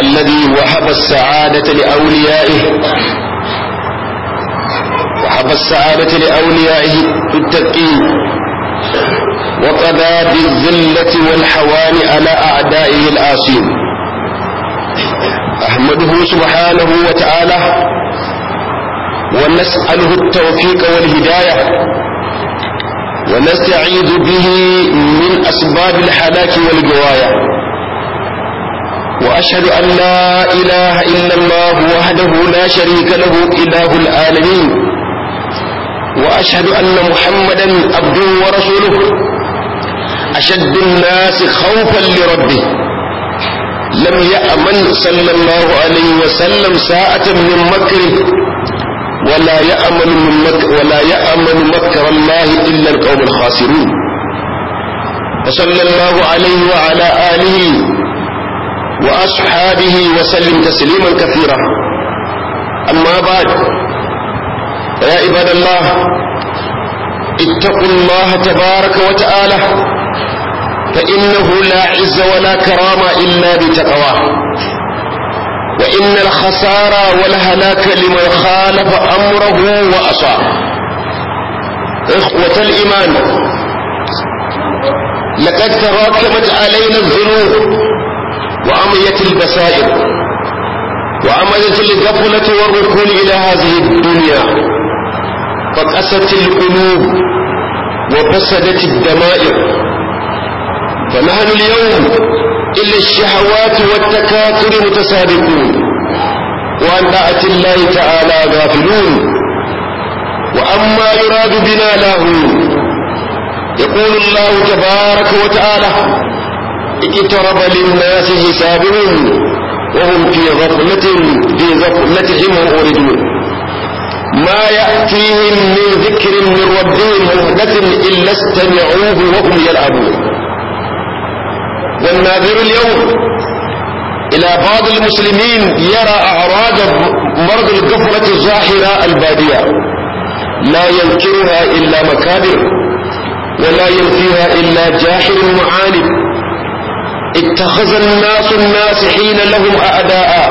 الذي وهب السعادة لأوليائه وهب السعادة لأوليائه التقين وقضى بالذلة والحوان على أعدائه الآسين أحمده سبحانه وتعالى ونسأله التوفيق والهداية ونستعيذ به من أسباب الحلاك والجوايا وأشهد أن لا إله إلا الله وحده لا شريك له إله العالمين وأشهد أن محمدا عبده ورسوله أشد الناس خوفا لربه لم يأمن صلى الله عليه وسلم ساعة من مكره ولا يأمن من مكر ولا يأمن مكر الله إلا القوم الخاسرون وصلى الله عليه وعلى آله وأصحابه وسلم تسليما كثيرا أما بعد يا عباد الله اتقوا الله تبارك وتعالى فإنه لا عز ولا كرامة إلا بتقواه وإن الخسارة والهلاك لمن خالف أمره وأصى إخوة الإيمان لقد تراكمت علينا الذنوب وأميت البصائر وأميت الغفلة والركون إلى هذه الدنيا فقست القلوب وفسدت الدمائر فنحن اليوم إلا الشهوات والتكاثر متسابقون وعن طاعة الله تعالى غافلون وأما يراد بنا له يقول الله تبارك وتعالى اقترب للناس حسابهم وهم في غفلة في غفلتهم معرضون ما يأتيهم من ذكر من ربهم مهدة إلا استمعوه وهم يلعبون والناظر اليوم إلى بعض المسلمين يرى أعراض مرض الكفرة الظاهرة البادية لا ينكرها إلا مكابر ولا ينفيها إلا جاحل معاند اتخذ الناس الناس حين لهم أعداء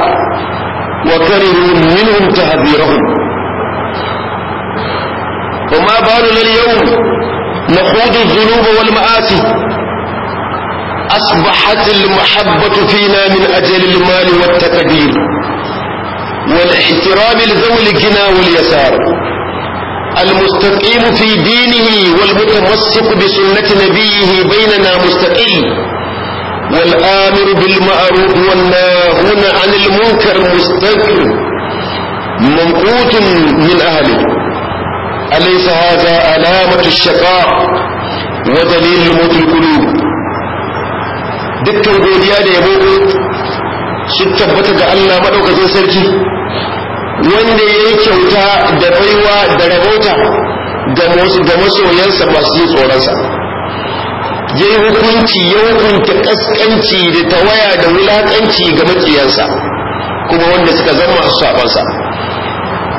وكرهوا منهم تهذيرهم وما بالنا اليوم نخوض الذنوب والمآسي أصبحت المحبة فينا من أجل المال والتقدير والاحترام لذوي الجنى واليسار المستقيم في دينه والمتمسك بسنة نبيه بيننا مستقيم والآمر بالمعروف والناهون عن المنكر مستكبر منقوط من أهله أليس هذا علامة الشقاء ودليل موت القلوب dukkan godiya da yabo su tabbata ga Allah maɗaukacin sarki wanda ya yi kyauta da baiwa da rabauta ga masoyansa masu yi tsoronsa ya yi hukunci ya hukunta ƙasƙanci da tawaya da wulaƙanci ga makiyansa kuma wanda suka zama masu sabansa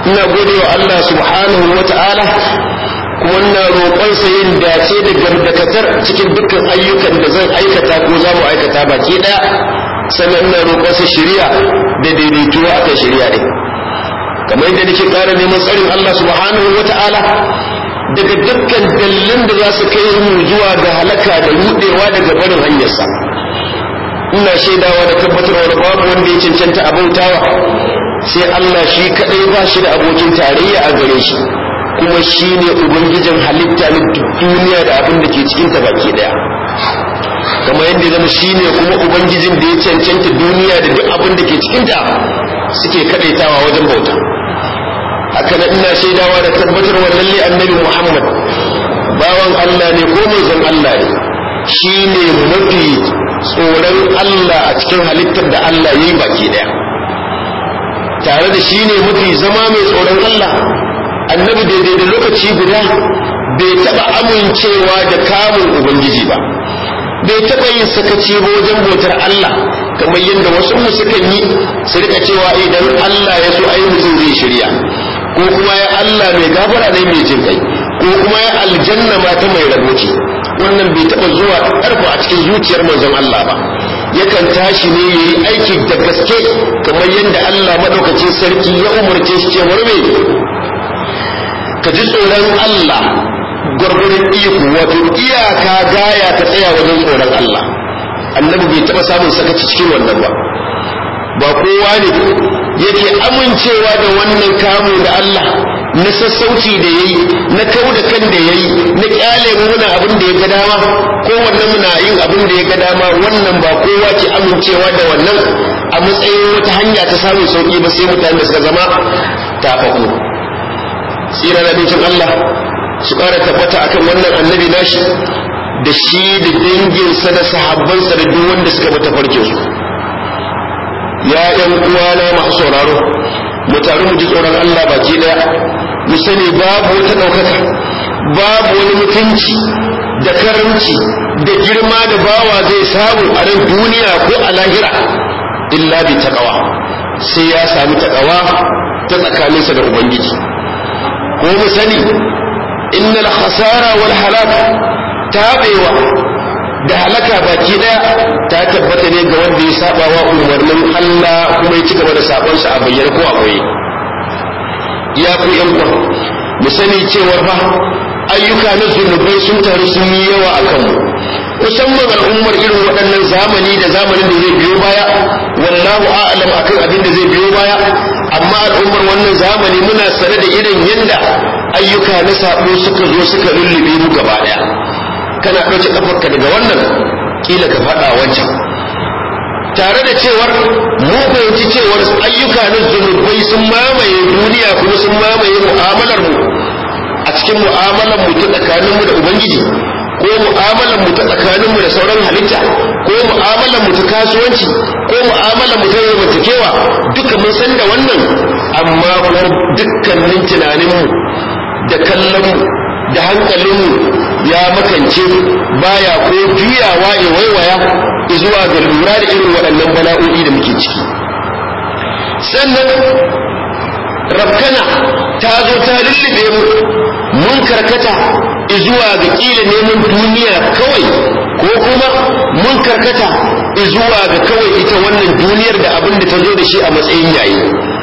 ina gode wa Allah subhanahu wa ta'ala kuma ina roƙonsa yin dace da dakatar cikin dukkan ayyukan da zan aikata ko za mu aikata baki ɗaya sannan ina roƙonsa shari'a da daidaituwa akan shari'a ɗin kamar yadda nake ƙara neman tsarin Allah subhanahu wa ta'ala daga dukkan dalilin da za su kai mu zuwa ga halaka da rudewa daga barin hanyarsa ina shaidawa da tabbatarwa da babu wanda ya cancanta abautawa sai Allah shi kadai ba shi da abokin tarayya a gare shi kuma shi ne ubangijin halitta na duniya da abin da ke cikinta baki daya kamar yadda zama shi ne kuma ubangijin da ya cancanta duniya da duk abin da ke cikinta suke kadaitawa wajen bauta akan na ina shaidawa da tabbatar tabbatarwa lalle annabi muhammad bawan allah ne ko mai zan allah ne shi ne mafi tsoron allah a cikin halittar da allah ya yi baki daya tare da shi ne mafi zama mai tsoron allah annabi daidai da lokaci guda bai taba amincewa da kamun ubangiji ba bai taɓa yin sakaci ba wajen bautar Allah kamar yadda wasu mu sukan yi su rika cewa idan Allah ya so ayi mutum zai shirya ko kuma ya Allah mai gafara ne mai jin kai ko kuma ya aljanna mata mai rabo wannan bai taba zuwa karfa a cikin zuciyar manzon Allah ba yakan tashi ne yayi aiki da gaske kamar yadda Allah madaukakin sarki ya umarce shi cewa me ka ji tsoron Allah gwargwadon iko wato iyaka gaya ka tsaya wajen tsoron Allah annabi bai taba samun sakaci cikin wannan ba ba kowa ne yake amincewa da wannan kamu da Allah na sassauci da yayi na kau da kan da yayi na kyale muna abin da ya ga dama ko wannan muna yin abin da ya ga dama wannan ba kowa ke amincewa da wannan a matsayin wata hanya ta samun sauki ba sai mutane da suka zama faɗo. tsira da bincin Allah su ƙara tabbata akan wannan annabi nashi da shi da danginsa da sahabbansa da duk wanda suka bata farke su ya yan uwana masu sauraro mu taru mu ji tsoron Allah baki ɗaya. mu sani babu wata ɗaukaka babu wani mutunci da karanci da girma da bawa zai samu a nan duniya ko a lahira illa bi taqwa sai ya samu taqwa ta tsakaninsa da ubangiji ko mu sani innal khasara wal halaka tabewa da halaka baki daya ta tabbata ne ga wanda ya saba wa umarnin Allah kuma ya ci gaba da sabon sa a bayyar ko a koyi ya ku yan kwa mu sani cewa fa ayyuka na zunubai sun taru sun yi yawa a kanmu musamman al'ummar irin waɗannan zamani da zamanin da zai biyo baya wallahu a'lam akan abin da zai biyo baya amma al'ummar wannan zamani muna sare da irin yadda ayyuka na sabo suka zo suka lullube mu gaba daya kana ɗauke kafarka daga wannan kila ka faɗa wancan tare da cewar mu fahimci cewar ayyuka na zunubai sun mamaye duniya kuma sun mamaye mu'amalar mu a cikin mu'amalar mu ta tsakanin mu da ubangiji ko mu'amalar mu ta tsakanin mu da sauran halitta ko mu'amalar mu ta kasuwanci ko mu'amalar mu ta zamantakewa duka mun san da wannan amma kuma dukkanin tunanin mu da kallon mu da hankalinmu ya makance baya ko juyawa ya waiwaya zuwa ga lura da irin waɗannan bala'o'i da muke ciki sannan rafkana ta zo ta lullube mu mun karkata zuwa ga kila neman duniya kawai ko kuma mun karkata zuwa ga kawai ita wannan duniyar da abin da ta zo da shi a matsayin yayi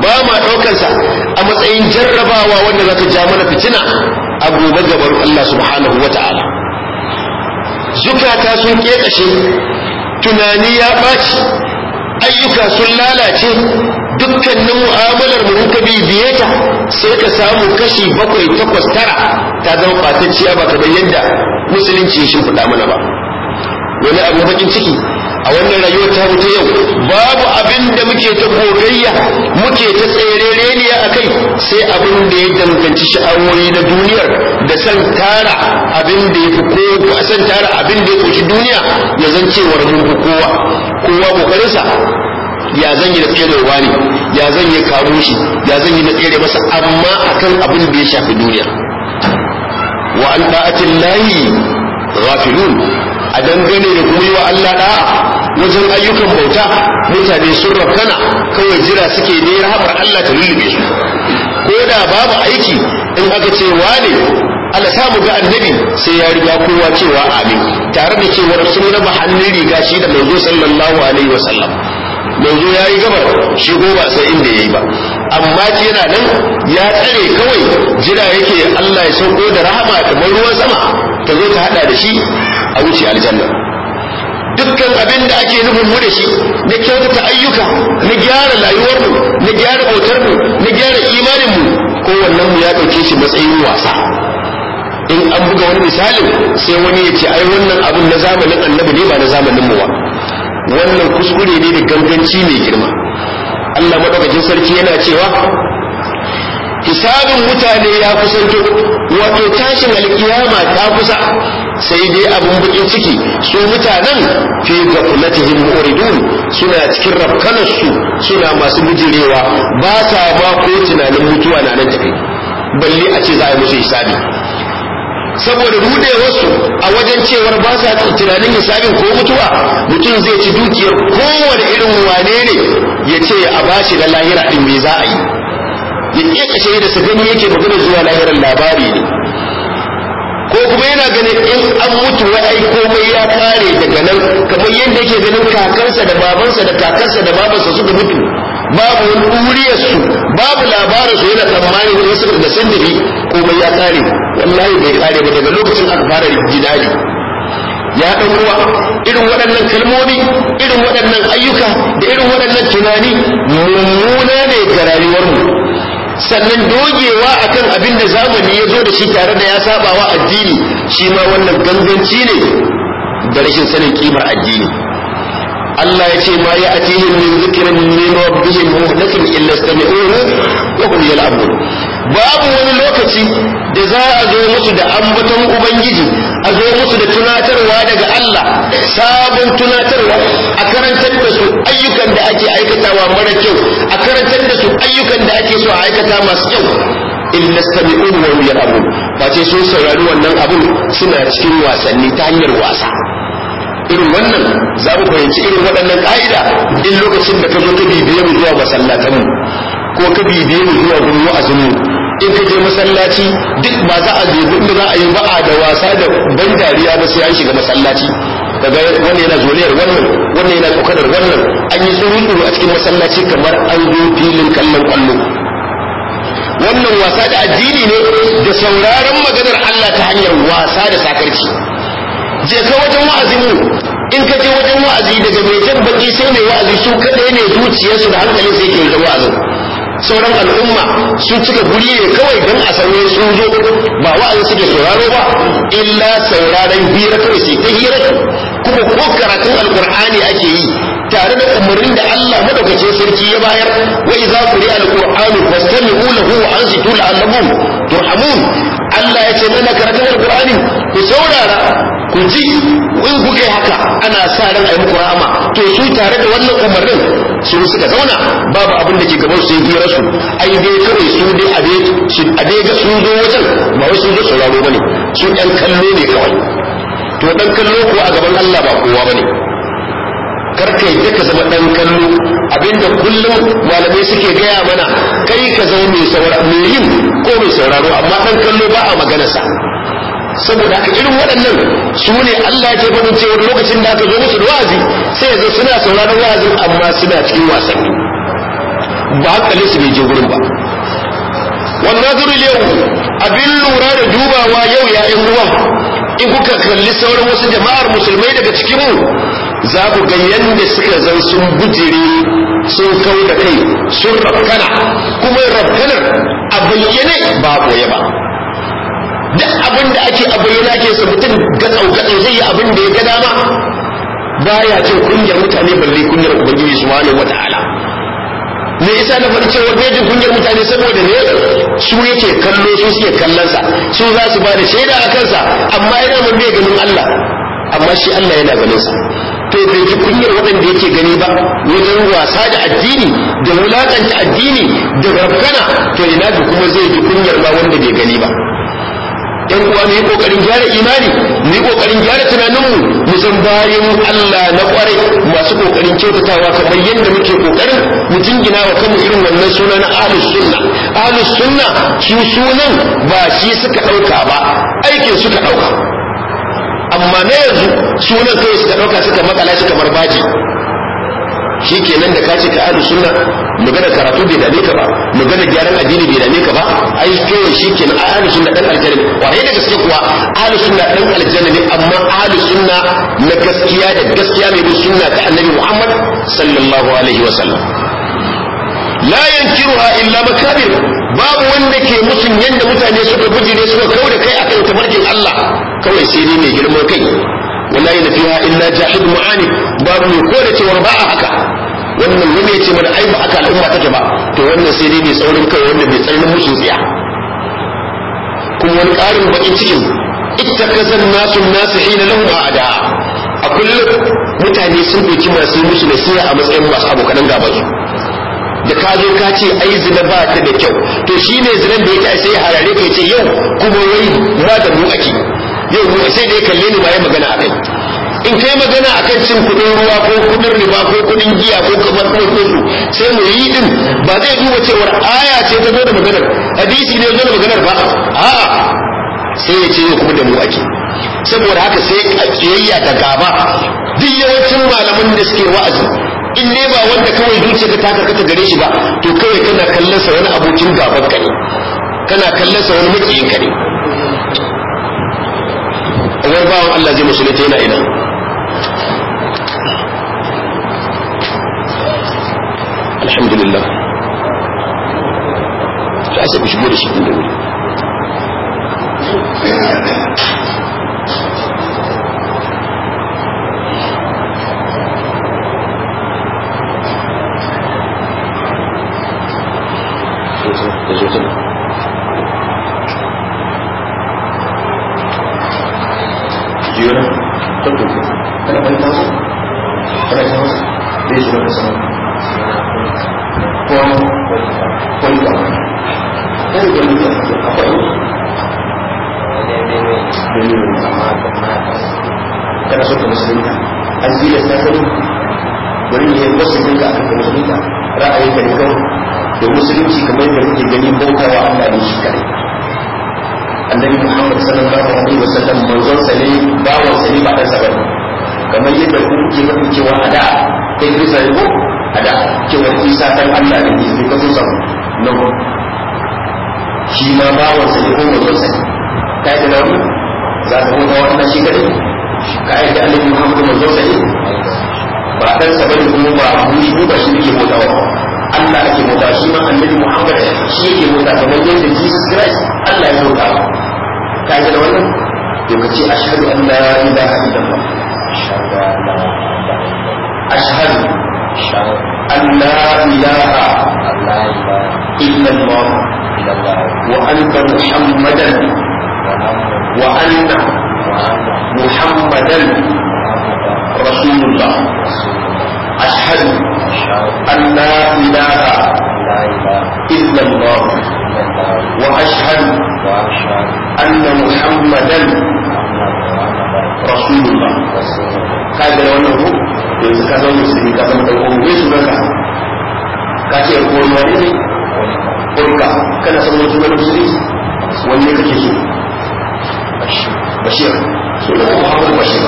ba ma ɗaukansa a matsayin jarrabawa wanda za ta ja mana fitina a gobe gabar Allah subhanahu wa ta'ala zukata sun ƙeƙashe tunani ya ɓaci ayyuka sun lalace dukkanin mu'amalar mu ta bibiye ta sai ka samu kashi bakwai takwas tara ta zama ɓatacciya ba ta yadda musulunci ya shimfiɗa mana ba wani abu bakin ciki a wannan rayuwar ta mu ta yau babu abin da muke ta gogayya muke ta tserereniya a kai sai abin da ya danganci sha'awoyi na duniyar da san tara abin da ya fi kowa san tara abin da ya duniya ya zan cewar mun kowa kowa kokarinsa ya zan yi da tserewa ne ya zan yi karo shi ya zan yi na tsere masa amma akan abin da ya shafi duniya wa an da'atin ghafilun a dangane da kuma yi wa Allah da'a wajen ayyukan bauta mutane sun rafkana kawai jira suke ne rahamar Allah ta lullube su ko da babu aiki in aka ce wane Allah samu ga annabi sai ya riga kowa cewa amin tare da cewa sun raba hannun riga shi da manzo sallallahu alaihi wasallam manzo ya yi gabar shigo ko ba sai inda yayi ba amma yana nan ya tsare kawai jira yake Allah ya sauko da rahama kamar ruwan sama ta zo ta hada da shi a wuce aljanna dukkan abin da ake nufin mu da shi na kyautata ayyuka na gyara rayuwarmu na gyara bautarmu na gyara imaninmu wannan mu ya ɗauke shi matsayin wasa in an buga wani misalin sai wani ya ce ai wannan abin na zamanin annabi ne ba na zamanin mu ba wannan kuskure ne da ganganci mai girma Allah madaukakin sarki yana cewa hisabin mutane ya kusanto wato tashin alkiyama ta kusa sai dai abin bukin ciki su mutanen fi gafulatihim muridun suna cikin rafkanarsu suna masu bijirewa ba sa ba ko tunanin mutuwa na nan tafi balle a ce za a musu hisabi saboda rudewarsu a wajen cewar ba sa tunanin hisabin ko mutuwa mutum zai ci dukiyar kowane irin wane ne ya ce a bashi da lahira ɗin me za a yi ya iya kashe da su gani yake magana zuwa lahirar labari ne ko kuma yana ganin in an mutu wai ai komai ya kare daga nan kamar yadda yake ganin kakansa da babansa da kakansa da babansa suka mutu babu wuriyarsu babu su yana tsammanin in suka da sun komai ya kare wallahi bai kare ba daga lokacin aka fara jidali ya ɗan uwa irin waɗannan kalmomi irin waɗannan ayyuka da irin waɗannan tunani mummuna ne ga rayuwarmu sannan dogewa akan abin da zamani ya zo da shi tare da ya saba wa addini shi ma wannan ganganci ne da rashin sanin kimar addini Allah ya ce ma ya atihim min zikrin min rabbihim muhdathin illa sami'uhu wa hum yal'abun babu wani lokaci da za a zo musu da ambaton ubangiji a zo musu da tunatarwa daga Allah sabon tunatarwa a karantar da su ayyukan da ake aikatawa mara kyau a karantar da su ayyukan da ake so a aikata masu kyau in nastami'un wa yar abu ce sun saurari wannan abun suna cikin wasanni ta hanyar wasa irin wannan za mu fahimci irin waɗannan ƙa'ida in lokacin da ka zo ka bibiye mu zuwa masallatanmu ko ka bibiye mu zuwa gurin wa'azinmu in ka je masallaci duk ba za a je duk za a yi ba'a da wasa da ban dariya ba sai an shiga masallaci daga wannan yana zoliyar wannan wannan yana tsokanar wannan an yi tsuru a cikin masallaci kamar an zo filin kallon kwallo wannan wasa da addini ne da sauraron maganar Allah ta hanyar wasa da sakarci je ka wajen wa'azi mu in ka je wajen wa'azi daga mai jan sai mai wa'azi su kadai ne zuciyarsu da hankalin sai ke da wa'azin sauran al'umma sun cika guri ne kawai don a sauye sun zo ba wa'azi suke sauraro ba illa sauraron hira kawai sai ta hira kuma ko karatun alkur'ani ake yi tare da umarnin da Allah madaukakin sarki ya bayar wa idza quri'a al-qur'anu fastami'u lahu wa ansitu la'allakum turhamun Allah ya ce mana karatun alqur'ani ku saurara ku ji in kuka haka ana sa ran ayi muku rahama to su tare da wannan umarnin su suka zauna babu abin da ke gaban su yi rasu ai dai kawai su dai abe shi abe ga su zo wajen ba wai su zo sauraro bane su dan kallo ne kawai to dan kallo ko a gaban Allah ba kowa bane karka yadda ka zama ɗan kallo abinda kullum malamai suke gaya mana kai ka zama mai mai yin ko mai sauraro amma dan kallo ba a sa saboda haka irin waɗannan su ne Allah ke faɗin cewa lokacin da aka zo musu da wa'azi sai yanzu suna sauraron wa'azin amma suna cikin wasanni ba hankalin su bai je gurin ba wannan zuri yau abin lura da dubawa yau ya'yan uwa in kuka kalli sauran wasu jama'ar musulmai daga cikin mu za ku ga yadda suka zan sun bujire sun kau da kai sun rafkana kuma rafkanar a bayyane ba koya ba duk abin da ake a bayyana ake su mutum gatsau gatsau zai yi abin da ya ga dama baya ce kungiyar mutane balle kungiyar ubangiji wata ala. me yasa na faɗi cewa bai jin kungiyar mutane saboda ne su yake kallo su suke kallonsa su za su ba da shaida a kansa amma yana mun ganin Allah amma shi Allah yana ganin sa bai ji kunyar waɗanda yake gani ba wajen wasa da addini da wulaƙanta addini da rafkana to ina ga kuma zai ji kunyar ba wanda bai gani ba yan uwa mu ƙoƙarin gyara imani mu yi kokarin gyara tunaninmu mu san bayan Allah na kware masu kokarin kyautatawa kamar yadda muke kokarin mu jingina wa kanmu irin wannan suna na ahlus sunna ahlus sunna shi sunan ba shi suka dauka ba aikin suka dauka amma na yanzu sunan kai suka ɗauka suka makala shi kamar baji shi kenan da ka ce ka ahlu sunna magana karatu bai dame ka ba magana gyaran addini bai dame ka ba ai kai shi kenan ahlu suna dan aljanna ne wani da gaske kuwa ahlu suna dan aljanna ne amma ahlu suna na gaskiya da gaskiya mai bin suna ta annabi Muhammad sallallahu alaihi wa sallam. la yankiruha illa makabir babu wanda ke musun yanda mutane suka ne suka kau da kai akan tabarkin Allah kawai sai dai mai girman kai wallahi na fiha illa jahid mu'ani babu mai da cewa ba a haka wannan wanda ce mana ai ba aka al'umma take ba to wannan sai dai mai saurin kai wanda mai tsaurin musu tsiya kuma wani ƙarin bakin cikin ittakazan nasu nasu hina lahum ba a kullum mutane sun doki masu musu nasiha a matsayin masu abokan gaba su da ka zo ka ce ai zina ba ta da kyau to shi ne zinan da yake sai harare ka ce yau kuma wai ba da mu ake yau mu sai da ya kalle ni ba ya magana a kai in kai magana akan cin kudin ruwa ko kudin riba ko kudin giya ko kamar ko kudu sai mu yi din ba zai duba cewar aya ce ta zo da maganar hadisi ne zo da maganar ba a sai ya ce yau kuma da mu ake saboda haka sai a kiyayya ta gaba duk yawancin malaman da suke wa'azi in ne ba wanda kawai ka taka karkata gare shi ba to kawai kana kallon sa wani abokin gaban ka ne kana kallon sa wani makiyin ka ne wani bawan Allah zai musulunta yana ina alhamdulillah da asa ku shigo da shi da wuri ta zo tana jiyar tattuku kana ban ta zo kana ta zo zai shi maka sama kana so ka musulunta an sani ne ya musulunta a kan musulunta ra'ayin ka ne kawai da musulunci kamar yadda muke gani bauta wa Allah ne shi kare annabi Muhammad sallallahu alaihi wasallam manzon sa ne bawon sa ne ba da sabon kamar yadda ku kuke faɗin cewa ada kai Isa ne ko ada cewa Isa dan Allah ne ne ka so sa nan ko shi ma bawon sa ne ko manzon sa ne kai da nan za ka bauta wa Allah shi kare ka da annabi Muhammad manzon sa ne ba dan sabon kuma ba mu ba shi ne ke bautawa Allah ake mota shi ma annabi Muhammad shi yake mota kamar yadda Jesus Christ Allah ya mota ka ji da wannan to ka ce ashhadu an la ilaha illallah ashhadu an la ilaha illallah wa anna muhammadan wa anna muhammadan rasulullah ashhadu أن لا إله إلا الله وأشهد أن محمدا رسول الله هذا يوم yanzu ka zama musulmi ka zama ɗan uwan yesu naka ka ce ko wani ne kurka kana son wanne bashir sunan muhammad bashir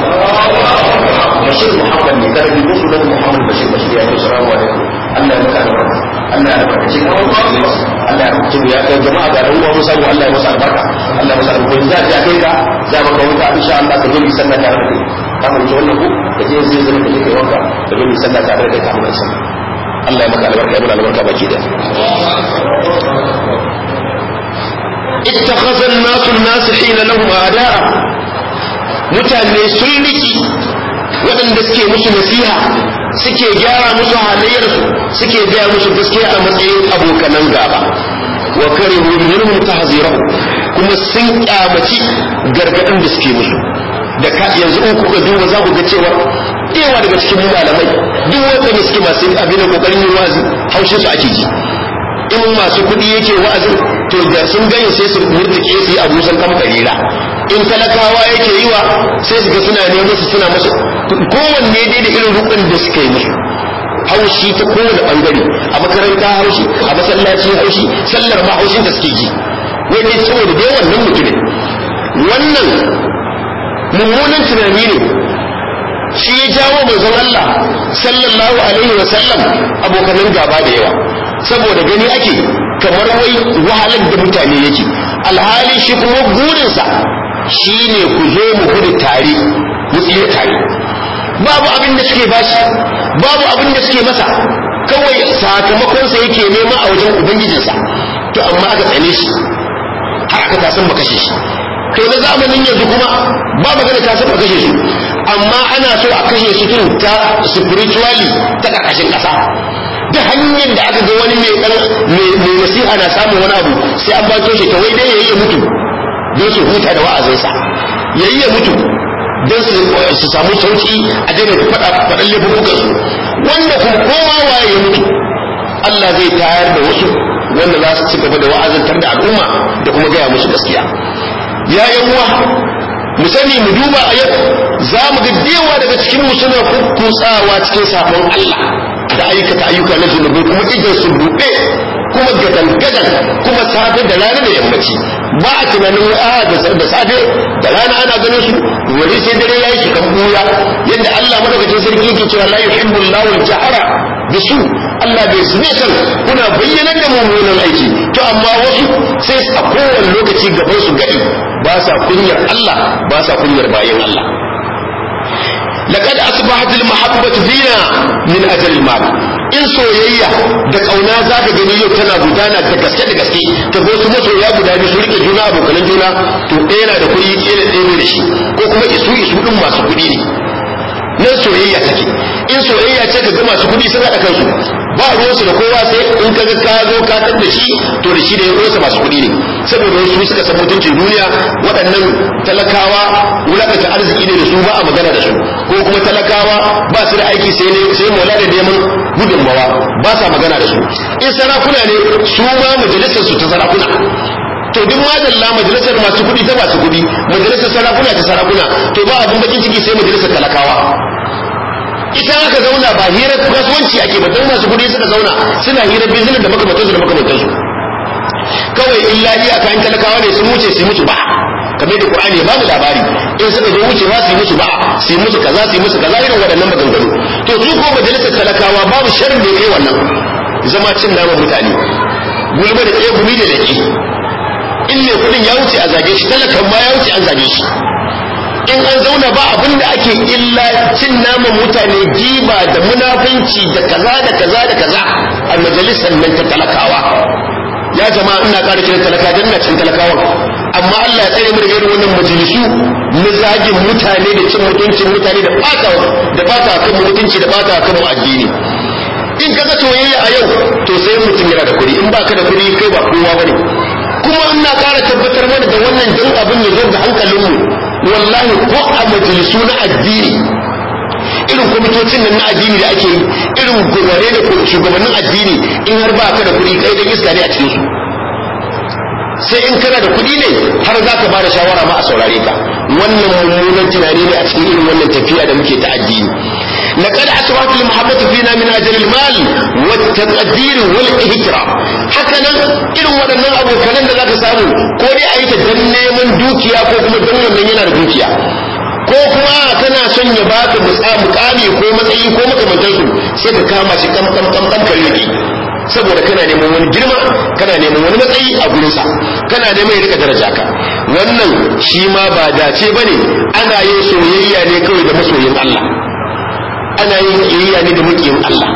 bashir muhammad ne karfi ko sunan muhammad bashir bashir ya ce salamu alaikum Allah ya maka albarka Allah ya albarkace ka Allah ya albarkace ya kai jama'a ga rawuwa musa samu Allah ya masa albarka Allah ya masa albarka za a kai ka za ka wanka insha Allah ka je mu sanna tare da kai ka fahimci wannan ko ka je zai zama ka kai wanka ka je mu sanna tare da kai ka mun sanna Allah ya maka albarka ya maka albarka baki da ittakhadha an-nasu an-nasu hina lahum ada'a mutane sun riki waɗanda suke musu nasiha suke gyara musu halayyar suke gaya musu gaskiya a matsayin abokanan gaba wa karihu minhum tahzirahu kuma sun kyamaci gargadin da suke musu da ka yanzu in kuka duba za ku ga cewa yawa daga cikin malamai duk wanda suke masu abin da kokarin yi wazi haushin su ake ji in masu kuɗi yake wa'azin to da sun gani sai su ke su yi abu san kamfarira in talakawa yake yi wa sai su ga suna nemo su suna masa kowanne dai da irin rukun da suka yi musu haushi ta kowane bangare a makaranta haushi a masallaci haushi sallar ma haushin da suke ji wai dai saboda da wannan mutumin wannan mummunan tunani ne shi ya jawo manzon Allah sallallahu alaihi wa sallam abokan gaba da yawa saboda gani ake kamar wai wahalar da mutane yake alhali shi kuma burinsa shine ku zo mu gudu tare mu tsira tare babu abin da suke bashi babu abin da suke masa kawai sakamakonsa yake nema a wajen ubangijinsa to amma aka tsane shi har aka tasan kashe shi to na zamanin yanzu kuma ba magana tasan kashe shi amma ana so a kashe su tun ta spiritually ta ƙarƙashin ƙasa da hanyar da aka ga wani mai mai nasiha na samun wani abu sai an bato shi ta wai dai yayi ya mutu don su huta da wa'azinsa yayi ya mutu don su samu sauki a daina fada faɗan su wanda kuma kowa waye ya mutu Allah zai tayar da wasu wanda za su ci gaba da wa'azantar da al'umma da kuma gaya musu gaskiya ya yan uwa mu sani mu duba a yau za mu ga dewa daga cikin mu suna kukkutsawa cikin sabon Allah da aikata ayyuka na zunubi kuma idan su buɗe kuma gadan gadan kuma safe da rana da yammaci ba a tunanin ah, a da safe da rana ana ganin su wani sai dare ya yi kan yadda Allah madaukakin sarki yake cewa la yuhibbu Allahu al da su, Allah bai zube san kuna bayyanar da mummunan aiki to amma wasu sai a kowane lokaci gaban su gadi ba sa kunyar Allah ba sa kunyar bayan Allah laqad asbahatil mahabbatu fina min ajal mal in soyayya da kauna za ka gani yau tana gudana da gaske da gaske ta zo su masoya guda biyu su rike juna abokanan juna to ɗaya na da kuɗi ɗaya da ɗaya da shi ko kuma isu isu ɗin masu kuɗi ne nan soyayya take in soyayya ce ka ga masu kuɗi sun haɗa kansu ba ruwansu da kowa sai in ka ga ka zo ka da shi to da shi da ruwansa masu kuɗi ne saboda wasu suka san mutuncin duniya waɗannan talakawa wulakanta arziki ne da Duba ba a magana da su ko kuma talakawa ba su da aiki sai sai mola da neman gudunmawa ba sa magana da su in sarakuna ne su ma majalisar su ta sarakuna to duk madalla majalisar masu kuɗi ta masu kuɗi majalisar sarakuna ta sarakuna to ba abin bakin ciki sai majalisar talakawa ita aka zauna ba hirar kasuwanci ake ba don masu kuɗi suka zauna suna hirar bizinin da makamantansu da makamantansu kawai illa iya kayan talakawa ne sun wuce sai mutu ba kamar da qur'ani ya da labari in suka zo ba su yi musu ba, su yi musu kaza su yi musu kaza irin waɗannan maganganu to su ko majalisar talakawa babu sharri da yake wannan zama cin naman mutane gulma da ke gumi da laki in ne kuɗin ya wuce a zage shi talakan ma ya wuce an zage shi in an zauna ba abin da ake illa cin naman mutane jiba da munafunci da kaza da kaza da kaza a majalisar nan ta talakawa ya jama'a ina ƙara kiran talaka don na cin talakawa amma Allah ya tsare mu daga irin wannan majalisu na zagin mutane da cin mutuncin mutane da bata da bata kan mutunci da bata kan mu addini in ka ga soyayya a yau to sai mutum yana da kuɗi in baka da kuɗi kai ba kowa bane kuma ina ƙara tabbatar mana da wannan jin abin ya zo da hankalinmu wallahi ko a majalisu na addini irin kwamitocin nan na addini da ake yi irin gwagware da shugabannin addini in har ba ka da kuɗi kai da iska ne a cikin su sai in kana da kuɗi ne har za ka bada shawara ma a saurare ka wannan mummunan tunani ne a cikin irin wannan tafiya da muke ta addini na kada aka ba ka limhabbatu fina min ajalil mal wa taqdir wal irin waɗannan abokan da zaka samu ko dai a yi ta dan neman dukiya ko kuma dan neman yana da dukiya ko kuma kana son ya baka mutsa mutsa ko matsayi ko makamantansu sai ka kama shi kam kam kam kam kalliki saboda kana neman wani girma kana neman wani matsayi a gurinsa kana neman mai rika daraja ka wannan shi ma ba dace ba ne ana yin soyayya ne kawai da masoyin Allah ana yin soyayya ne da makiyin Allah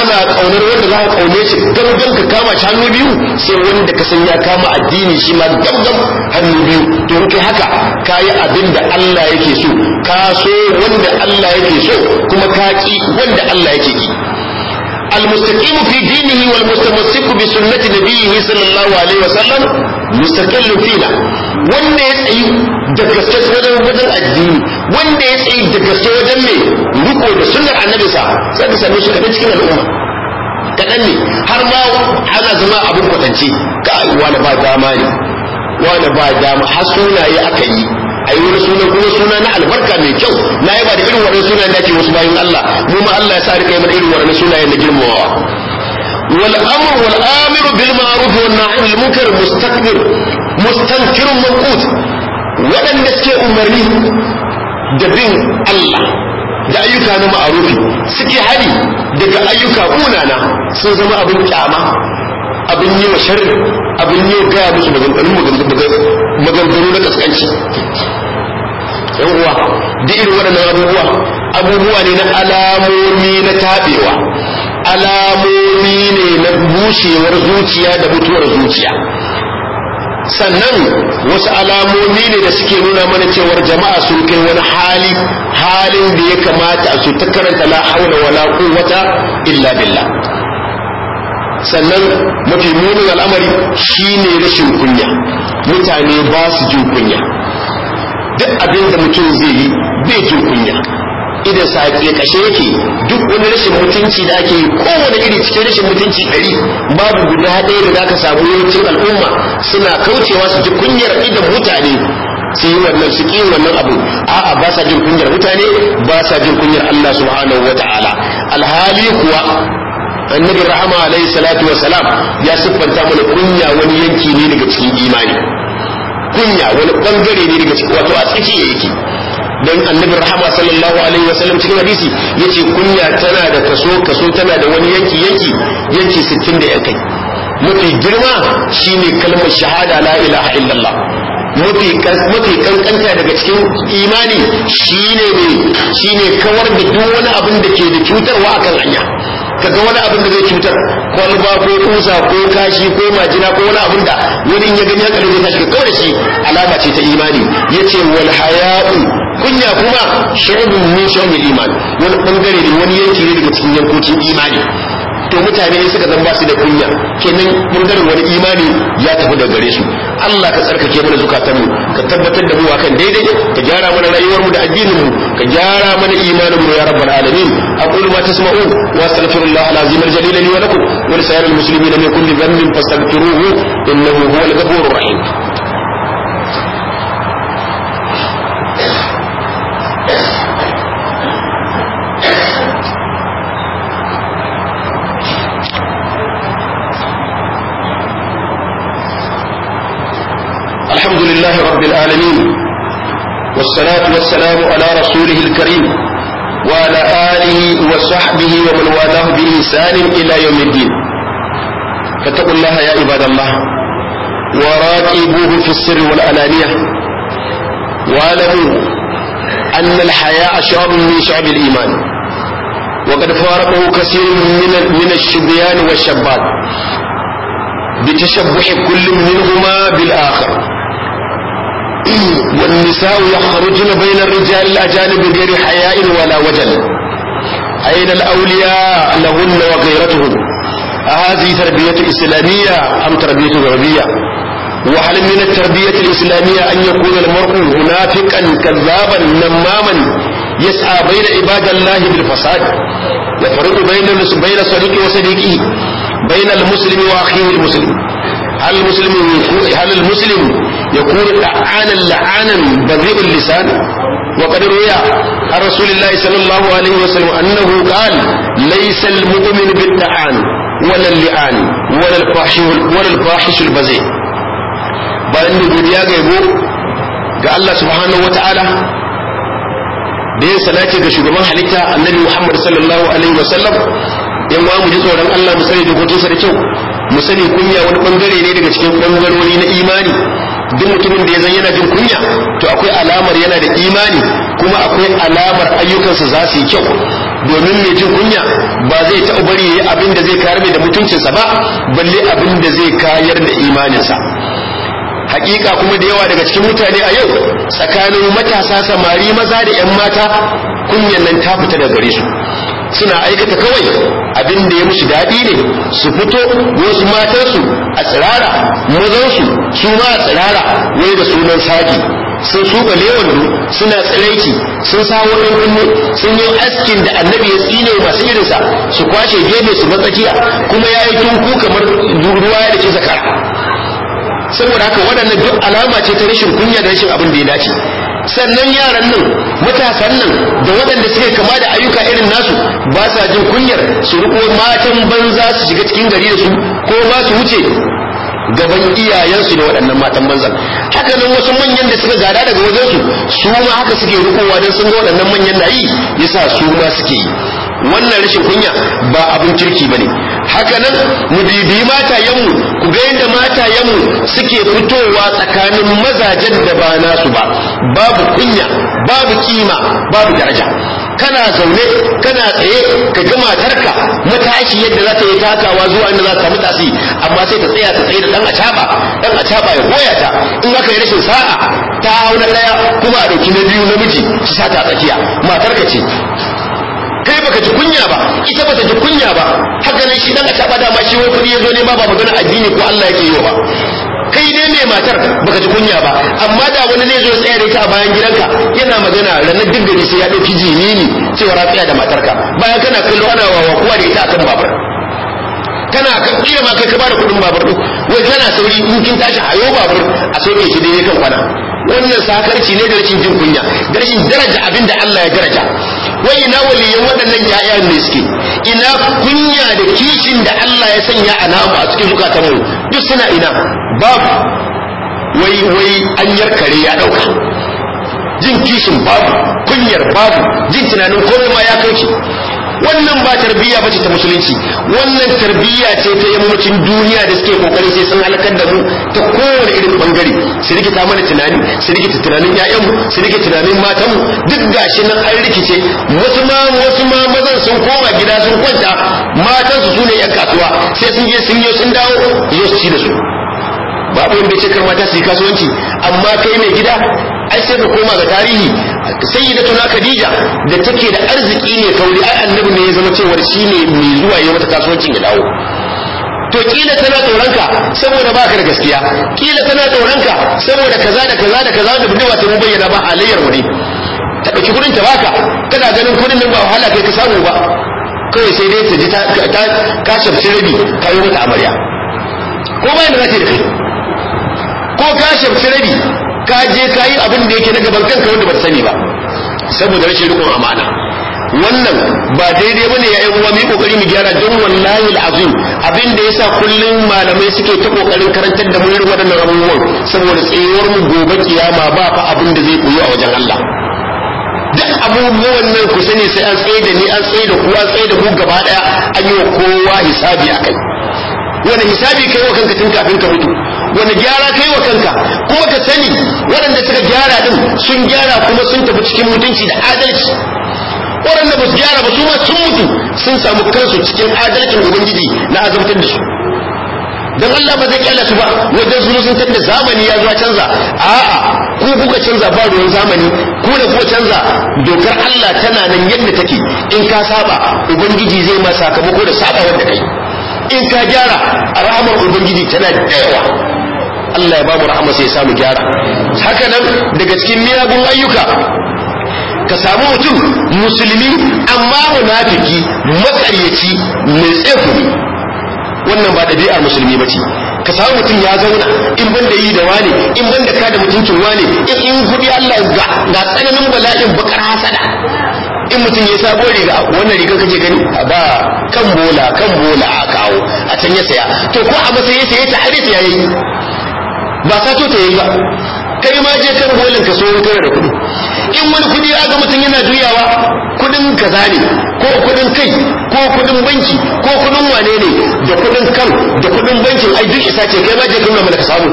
ana kaunar wanda za ka kaune shi gangan ka kama shi hannu biyu sai wanda ka san ya kama addini shi ma gangan hannu biyu to kai haka ka yi abin da Allah yake so ka so wanda Allah yake so kuma ka ki wanda Allah yake ki المستقيم في دينه والمتمسك بسنة نبيه صلى الله عليه وسلم مستقل فينا wanda ya tsayi da gaske wajen wajen addini wanda ya sayi da gaske wajen mai riko da sunnar annabi sa sai ka same shi cikin al'umma kaɗan ne har ma ana zama abin kwatance ka wani ba dama ne wani ba dama har sunaye aka yi a wani suna kuma suna na albarka mai kyau na yaba da irin waɗannan sunayen da ake wasu bayan Allah mu ma Allah ya sa rika yi mana irin waɗannan sunayen na girmamawa wal amru wal amiru bil ma'ruf wan nahy anil munkar mustaqbir mustankirun manqut waɗanda suke umarni da bin Allah da ayyuka na ma'arufi suke hari daga ayyuka kunana sun zama abin kyama abin yi wa sharri abin yi wa gaya musu maganganu na kaskanci yan uwa duk irin waɗannan abubuwa abubuwa ne na alamomi na taɓewa alamomi ne na bushewar zuciya da mutuwar zuciya sannan wasu alamomi ne da suke nuna mana cewar jama'a sun kai wani hali halin da ya kamata a su ta karanta la haula wala quwwata illa billah sannan mafi munin al'amari shine rashin kunya mutane ba su jin kunya duk abin da mutum zai yi bai jin kunya idan sa ke kashe yake duk wani rashin mutunci da ake yi kowane iri cikin rashin mutunci ɗari babu guda ɗaya da zaka samu yawancin al'umma suna kaucewa su ji kunyar idan mutane sai yi wannan su ƙi wannan abu a'a ba sa jin kunyar mutane ba sa jin kunyar Allah subhanahu wa ta'ala alhali kuwa annabi rahama alaihi salatu wa salam ya siffanta mana kunya wani yanki ne daga cikin imani kunya wani bangare ne daga cikin wato a tsaki yake dan annabi rahama sallallahu alaihi sallam cikin hadisi yace kunya tana da kaso kaso tana da wani yanki yanki yanki 60 da yankai mafi girma shine kalmar shahada la ilaha illallah mafi mafi kankanta daga cikin imani shine ne shine kawar da duk wani abin da ke da cutarwa akan hanya ka ga wani abin da zai cutar kwalba ko kusa ko kashi ko majina ko wani abin da wani ya gani haka zai tashi kawai shi alama ce ta imani yace wal haya'u kunya kuma shu'ubun min shu'ubil iman wani bangare ne wani yanki ne daga cikin yankocin imani to mutane ne suka zama su da kunya kenan bangaren wani imani ya tafi da gare su Allah ka tsarkake mana zukatanmu ka tabbatar da mu akan daidai ka gyara mana rayuwar mu da addinin mu ka gyara mana imanin mu ya rabbal alamin aqulu ma tasma'un wa astaghfirullah alazim aljalil li wa lakum wa lisa'iril muslimin min kulli dhanbin fastaghfiruhu innahu huwal ghafurur rahim والصلاة والسلام على رسوله الكريم وعلى آله وصحبه ومن والاه بإنسان إلى يوم الدين فاتقوا الله يا عباد الله وراقبوه في السر والأنانية واعلموا أن الحياء شعب من شعب الإيمان وقد فارقه كثير من من الشبيان والشابات بتشبح كل منهما بالآخر والنساء يخرجن بين الرجال الأجانب بغير حياء ولا وجل أين الأولياء لهن وغيرتهم أهذه تربية إسلامية أم تربية غربية وهل من التربية الإسلامية أن يكون المرء منافقا كذابا نماما يسعى بين عباد الله بالفساد يفرق بين بين صديقه وصديقه بين المسلم وأخيه المسلم هل المسلم هل المسلم يكون لعانا لعانا بذيء اللسان وقد روي عن رسول الله صلى الله عليه وسلم انه قال ليس المؤمن باللعان ولا اللعان ولا الفاحش ولا الفاحش البذيء بان godiya ga yabo ga Allah subhanahu wataala da yin salati ga shugaban halitta annabi Muhammad sallallahu alaihi wasallam yan wa mu ji tsoron Allah mu sani dokokinsa da kyau mu sani kunya wani bangare ne daga cikin bangarori na imani duk mutumin da ya zan yana jin kunya to akwai alamar yana da imani kuma akwai alamar ayyukansa za su yi kyau domin mai jin kunya ba zai taɓa bari yayi abin da zai kayar da mutuncinsa ba balle abin da zai kayar da imaninsa hakika kuma da yawa daga cikin mutane a yau tsakanin matasa samari maza da 'yan mata kunyan nan ta fita daga gare su suna aikata kawai abin da ya musu daɗi ne su fito wasu matansu a tsirara mazansu su ma a tsirara wai da sunan saki sun suka lewandu suna tsiraiki sun sawo ɗan kunne sun yi askin da annabi ya tsine masu irinsa su kwashe gebe su matsakiya kuma ya yi tunku kamar ruwa ya dake zakara saboda haka waɗannan duk alama ce ta rashin kunya da rashin abin da ya dace sannan yaran nan matasan nan da waɗanda suke kama da ayyuka irin nasu ba sa jin kunyar su riko matan banza su shiga cikin gari da su ko ba su wuce gaban iyayensu da waɗannan matan banza haka nan wasu manyan da suka gada daga wajensu su ma haka suke rikowa don sun ga waɗannan manyan na yi yasa su ma suke yi wannan rashin kunya ba abin kirki ba ne haka nan mu bibiyi matayenmu ku ga yadda mu suke fitowa tsakanin mazajen da ba nasu ba babu kunya babu kima babu daraja kana zaune kana tsaye ka ga matarka matashi yadda za ta yi takawa zuwa inda za ta samu tasi amma sai ta tsaya ta tsaye da dan acaba dan acaba ya goya ta in aka yi rashin sa'a ta hau na daya kuma a dauki na biyu namiji su sa ta tsakiya matarka ce ji kunya ba ita bata ji kunya ba har ganin shi dan a dama shi wai kudi zo, ne ma ba magana addini ko Allah yake yi ba kai ne mai matar baka ji kunya ba amma da wani ne zo tsaya da ita a bayan gidanka yana magana ranar duk gari sai ya dauki sai cewa rafiya da matarka bayan kana kallo ana wa kuwa da ita akan babar kana kira ma kai ka bada kudin babur din wai kana sauri in kin tashi hayo babur a sauke shi dai kan kwana wannan sakarci ne da rashin jin kunya da rashin daraja abinda Allah ya daraja wai ina waliyan waɗannan yayan ne suke ina kunya da kishin da Allah ya sanya a namu a cikin zukatan mu duk suna ina babu wai wai an yarkare ya ɗauka jin kishin babu kunyar babu jin tunanin komai ma ya kauce wannan ba tarbiyya ba ce ta musulunci wannan tarbiyya ce ta yammacin duniya da suke kokari sai sun halakar da mu ta kowane irin bangare su rikita mana tunani su rikita tunanin ƴaƴanmu su rikita tunanin matanmu duk gashi nan an rikice wasu ma wasu ma mazan sun koma gida sun kwanta matan su sune 'yan kasuwa sai sun je sun yi sun dawo yau su ci da su babu wanda ya ce kar mata su yi kasuwanci amma kai mai gida ai sai mu koma ga tarihi sayyidatuna khadija da take da arziki ne kauri ai annabi ne ya zama cewar ne mai zuwa ya mata kasuwancin ya dawo to kila tana tsoronka saboda ba ka da gaskiya kila tana tsoronka saboda kaza da kaza da kaza da bidiyo ta bayyana ba halayyar wani ta ɗauki kudin ta baka kana ganin kudin nan ba wahala kai ka samu ba kawai sai dai ta ji ta kashe sirri ka yi mata amarya ko bayan da za ta yi da kai ko kashe sirri ka je ka yi abin da yake na gaban kanka wanda ba sani ba saboda rashin rikon amana wannan ba daidai bane ya uwa mu kokari mu gyara don wallahi alazim abin da yasa kullum malamai suke ta kokarin karantar da mu irin waɗannan abubuwan saboda tsayuwar mu gobe kiyama ba fa abin da zai koyo a wajen Allah duk abubuwan nan ku sani sai an tsaye da ni an tsaye da ku an tsaye da ku gaba daya an yi kowa hisabi a kai wani hisabi kai wa kanka tun kafin ka mutu wani gyara kai wa kanka kuma ka sani waɗanda suka gyara din sun gyara kuma sun tafi cikin mutunci da adalci waɗanda ba su gyara ba su ma sun mutu sun samu kansu cikin adalcin ubangiji na azabtar da su dan Allah ba zai kyala su ba wajen su sun zamani ya zuwa canza a'a ku kuka canza ba ruwan zamani ku da kuka canza dokar Allah tana nan yadda take in ka saba ubangiji zai ma sakamako da saba da kai in ka gyara rahamar ubangiji tana da yawa Allah ya bamu rahama sai ya samu gyara haka nan daga cikin miyagun ayyuka ka samu mutum musulmi amma munafiki matsayaci mai tsefuri wannan ba ɗabi'ar musulmi ba ce ka samu mutum ya zauna in ban da yi da wani, in ban da ka da mutuncin wani, in in kuɗi Allah ga ga tsananin bala'in bakar hasada in mutum ya sabo riga wannan riga kake gani ba kan bola kan bola a kawo a can saya to ko a masa ya saya ta hadith ya yi ba sa ta yi ba kai ma je kan bolin ka so wutar da kuɗi in wani kuɗi ga mutum yana juyawa kuɗin kaza ne ko kuɗin kai ko kuɗin banki ko kuɗin wane ne da kuɗin kan da kuɗin bankin ai duk isa ce kai ma je kan mana samu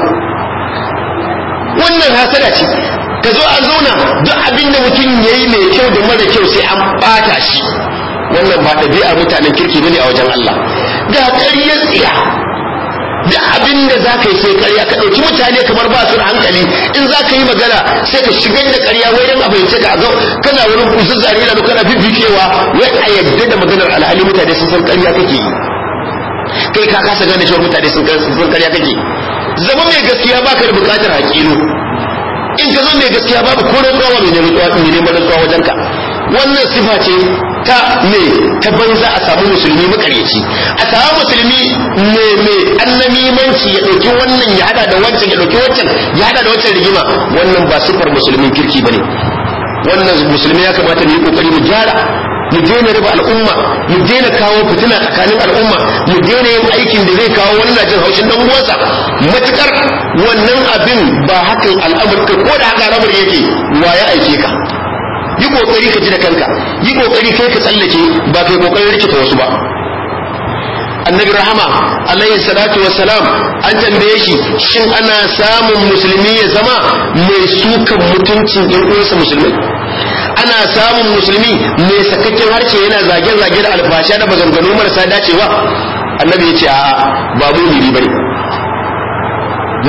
wannan hasada ce ka zo a zauna duk abin da mutum ya yi mai kyau da mara kyau sai an bata shi wannan ba ɗabi'a mutanen kirki ne a wajen Allah ga ƙaryar tsiya da abin da za ka yi sai ƙarya ka ɗauki mutane kamar ba su da hankali in za ka yi magana sai ka shigar da karya wai dan abin ka a kana wurin kusur zari da kana fifikewa wai a yadda da maganar alhali mutane sun san ƙarya kake yi kai ka kasa gane cewa mutane sun san ƙarya kake zama mai gaskiya baka da buƙatar haƙiru in ka zo mai gaskiya babu ko rantsuwa ba mai neman rantsuwa wajen ka wannan sifa ce ta me ta banza a samu musulmi makaryaci a samu musulmi me me manci ya dauki wannan ya hada da wancan ya dauki wancan ya hada da wancan rigima wannan ba sifar musulmin kirki bane wannan musulmi ya kamata ne yi kokari mu gyara mu daina raba al'umma mu daina kawo fitina tsakanin al'umma mu daina yin aikin da zai kawo wani na jin haushin dan uwansa matukar wannan abin ba hakan al'amurka ko da haka al'amur yake wa ya aike ka yi kokari ka ji da kanka yi kokari kai ka tsallake ba kai kokarin rikita wasu ba annabi rahama alayhi salatu salam, an tambaye shi shin ana samun musulmi ya zama mai sukan mutuncin yan uwansa musulmai ana samun musulmi mai sakakken harshe yana zage-zage da alfasha da maganganu marasa dacewa annabi ya ce a ba mumini bane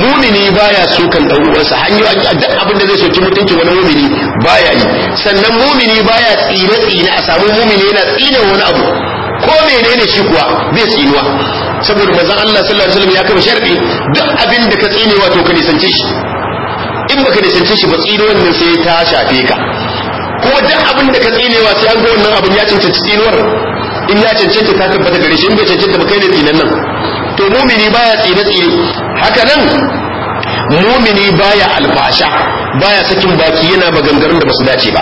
mumini baya sukan dan uwansa hanyo duk abin da zai soki mutunci wani mumini baya yi sannan mumini baya tsine tsine a samu mumini yana tsine wani abu ko menene shi kuwa bai tsinuwa saboda manzon Allah sallallahu alaihi wasallam ya kafa sharadi duk abin da ka tsinewa to ka nisance shi in baka nisance shi ba tsino wannan sai ta shafe ka Ko duk abin da ka tsinewa sai an ga wannan abin ya cancanci tsinuwar in ya cancanci ta tabbata gare shi in bai cancanta ba kai ne tsinan nan to mumini baya tsine tsine haka nan mumini baya alfasha baya sakin baki yana ba gangarin da basu dace ba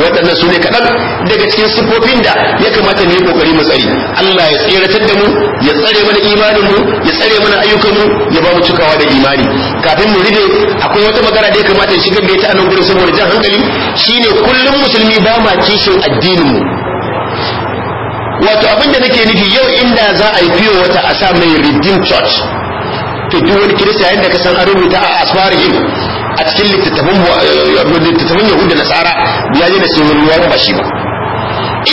waɗannan su ne kaɗan daga cikin siffofin da ya kamata mu yi kokari mu tsari Allah ya tseratar da mu ya tsare mana imanin mu ya tsare mana ayyukan mu ya ba mu cikawa da imani kafin mu rige akwai wata magana da ya kamata ya shigar da ita a nan gurin saboda jan hankali shine kullum musulmi ba ma kishin addinin mu wato abin da nake nufi yau inda za a yi fiyo wata a sa mai redeem church to duk wani kirista yayin da ka san a rubuta a asfarihin a cikin littattafan eh, yahudu nasara ya je da sun ruwa ba shi ba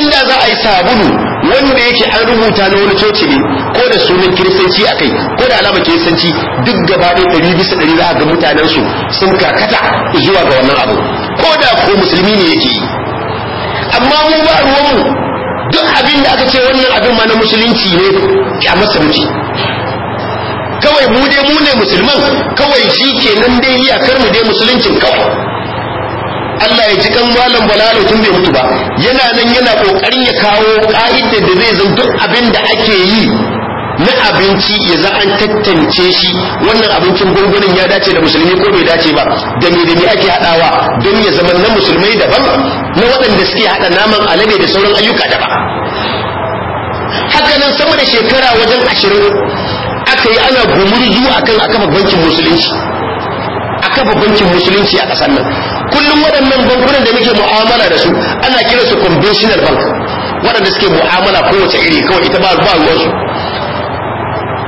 inda za a yi sabulu wanda yake an rubuta na wani coci ne ko da sunan kiristanci a kai ko da alamar kiristanci duk gaba ɗaya ɗari bisa ɗari za a ga mutanen su sun kakata zuwa ga wannan abu ko da ko musulmi ne yake yi amma mu ba ruwanmu duk abin da aka ce wannan abin ma na musulunci ne ya masa mutu kawai mu dai mu ne musulman kawai shi kenan dai iyakar mu dai musuluncin kawai Allah ya ji kan malam balalo tun bai mutu ba yana nan yana kokarin ya kawo ka'idar da zai zan duk abin da ake yi na abinci ya za an tattance shi wannan abincin gungunin ya dace da musulmi ko bai dace ba da me da me ake hadawa don ya zama na musulmai daban na waɗanda suke hada naman alade da sauran ayyuka daban haka nan sama da shekara wajen ashirin aka yi ana gumurzu akan a kafa bankin musulunci a kafa musulunci a ƙasar nan kullum waɗannan bankunan da muke mu'amala da su ana kira su conventional bank waɗanda suke mu'amala kowace iri kawai ita ba ruwansu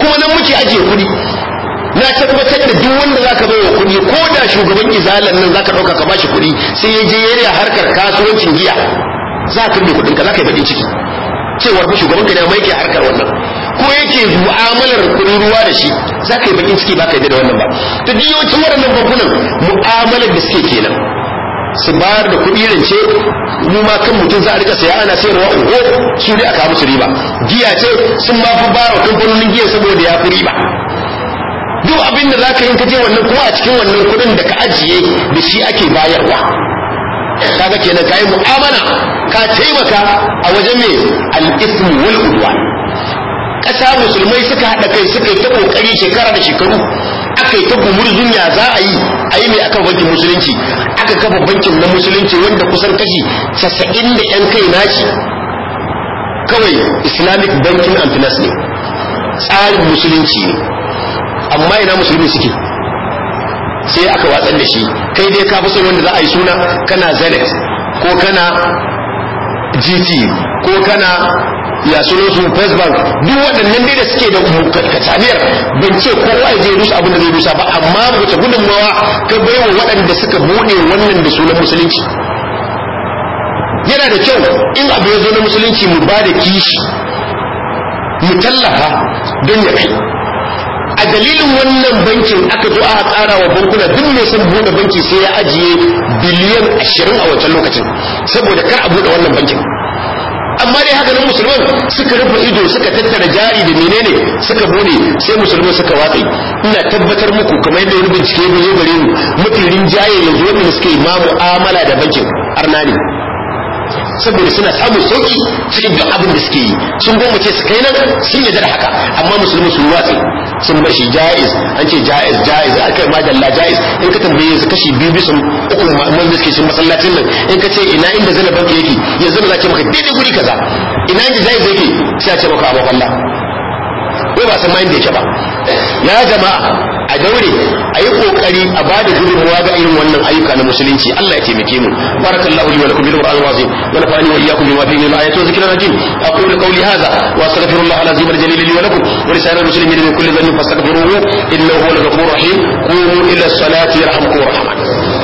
kuma nan muke ajiye kuɗi na tabbatar da duk wanda zaka bai wa kuɗi ko da shugaban izalan nan zaka ɗauka ka bashi kuɗi sai ya je yare harkar kasuwancin giya za ka kuɗin ka za ka yi baƙin ciki cewar fa shugaban ka ne mai ke harkar wannan ko yake mu'amalar kudin ruwa da shi za ka yi bakin ciki ba ka yi da wannan ba ta diyoncin waɗannan bankunan mu'amalar da suke kenan su bayar da kuɗi rance mu ma kan mutum za a rika saya ana sayarwa oho su a kamu su riba giya ce sun ma fi bayar kamfanonin giya saboda ya fi riba duk abin da za ka yi ka je wannan kuma a cikin wannan kuɗin da ka ajiye da shi ake bayarwa kaga kenan ka yi mu'amala ka taimaka a wajen mai al wal'udwa kasa musulmai suka haɗa kai suka yi ta ƙoƙari shekara da shekaru aka yi ta gumur ya za a yi a yi mai akan bankin musulunci aka kafa bankin na musulunci wanda kusan kashi casa'in da yan kai na naci kawai islamic banking and finance ne tsarin musulunci ne amma ina musulmi suke sai aka watsar da shi kai dai ka fi wanda za a yi suna kana zenith ko kana gt ko kana ya sunan su first bank duk waɗannan dai da suke da kataniyar ban ce kowa ya je rusa abin da zai rusa ba amma wace gudunmawa ka bai wa waɗanda suka buɗe wannan da sunan musulunci yana da kyau in abu ya zo na musulunci mu ba da kishi mu tallafa don ya kai a dalilin wannan bankin aka zo a tsara wa bankuna duk mai son buɗe banki sai ya ajiye biliyan ashirin a wancan lokacin saboda kar a buɗe wannan bankin amma dai haka nan musulman suka rufe ido suka tattara jari da menene suka bude sai musulman suka watsi ina tabbatar muku kamar yadda wani bincike ya zo gare mu mutirin rinjaye yanzu wanda suke ma amala da bankin arna ne saboda suna samun sauki cikin duk abin da suke yi sun goma ce su kai nan sun yarda da haka amma musulmi su watsi sun mashi ja'iz an ce ja'iz ja'iz aka ma dalla ja'iz in ka tambaye su kashi biyu bisa uku mun suke cin masallacin nan in ka ce ina inda zanaban ka yake yanzu na ce maka daidai guri kaza ina inda ja'iz yake sai a ce maka abokan Allah ko ba san ma inda yake ba ya jama'a a daure a yi kokari a ba da gudunmuwa ga irin wannan ayyuka na musulunci Allah ya taimake mu barakallahu li wa lakum bil qur'anil azim wa nafa'ani wa iyyakum bima fihi min ayatin wa dhikril hakim aqulu qawli hadha wa astaghfirullah al-azim al-jalil li wa lakum wa lisa'il muslimin min kulli dhanbin fastaghfiruhu innahu huwal ghafurur rahim qumu ila as-salati yarhamkum rahman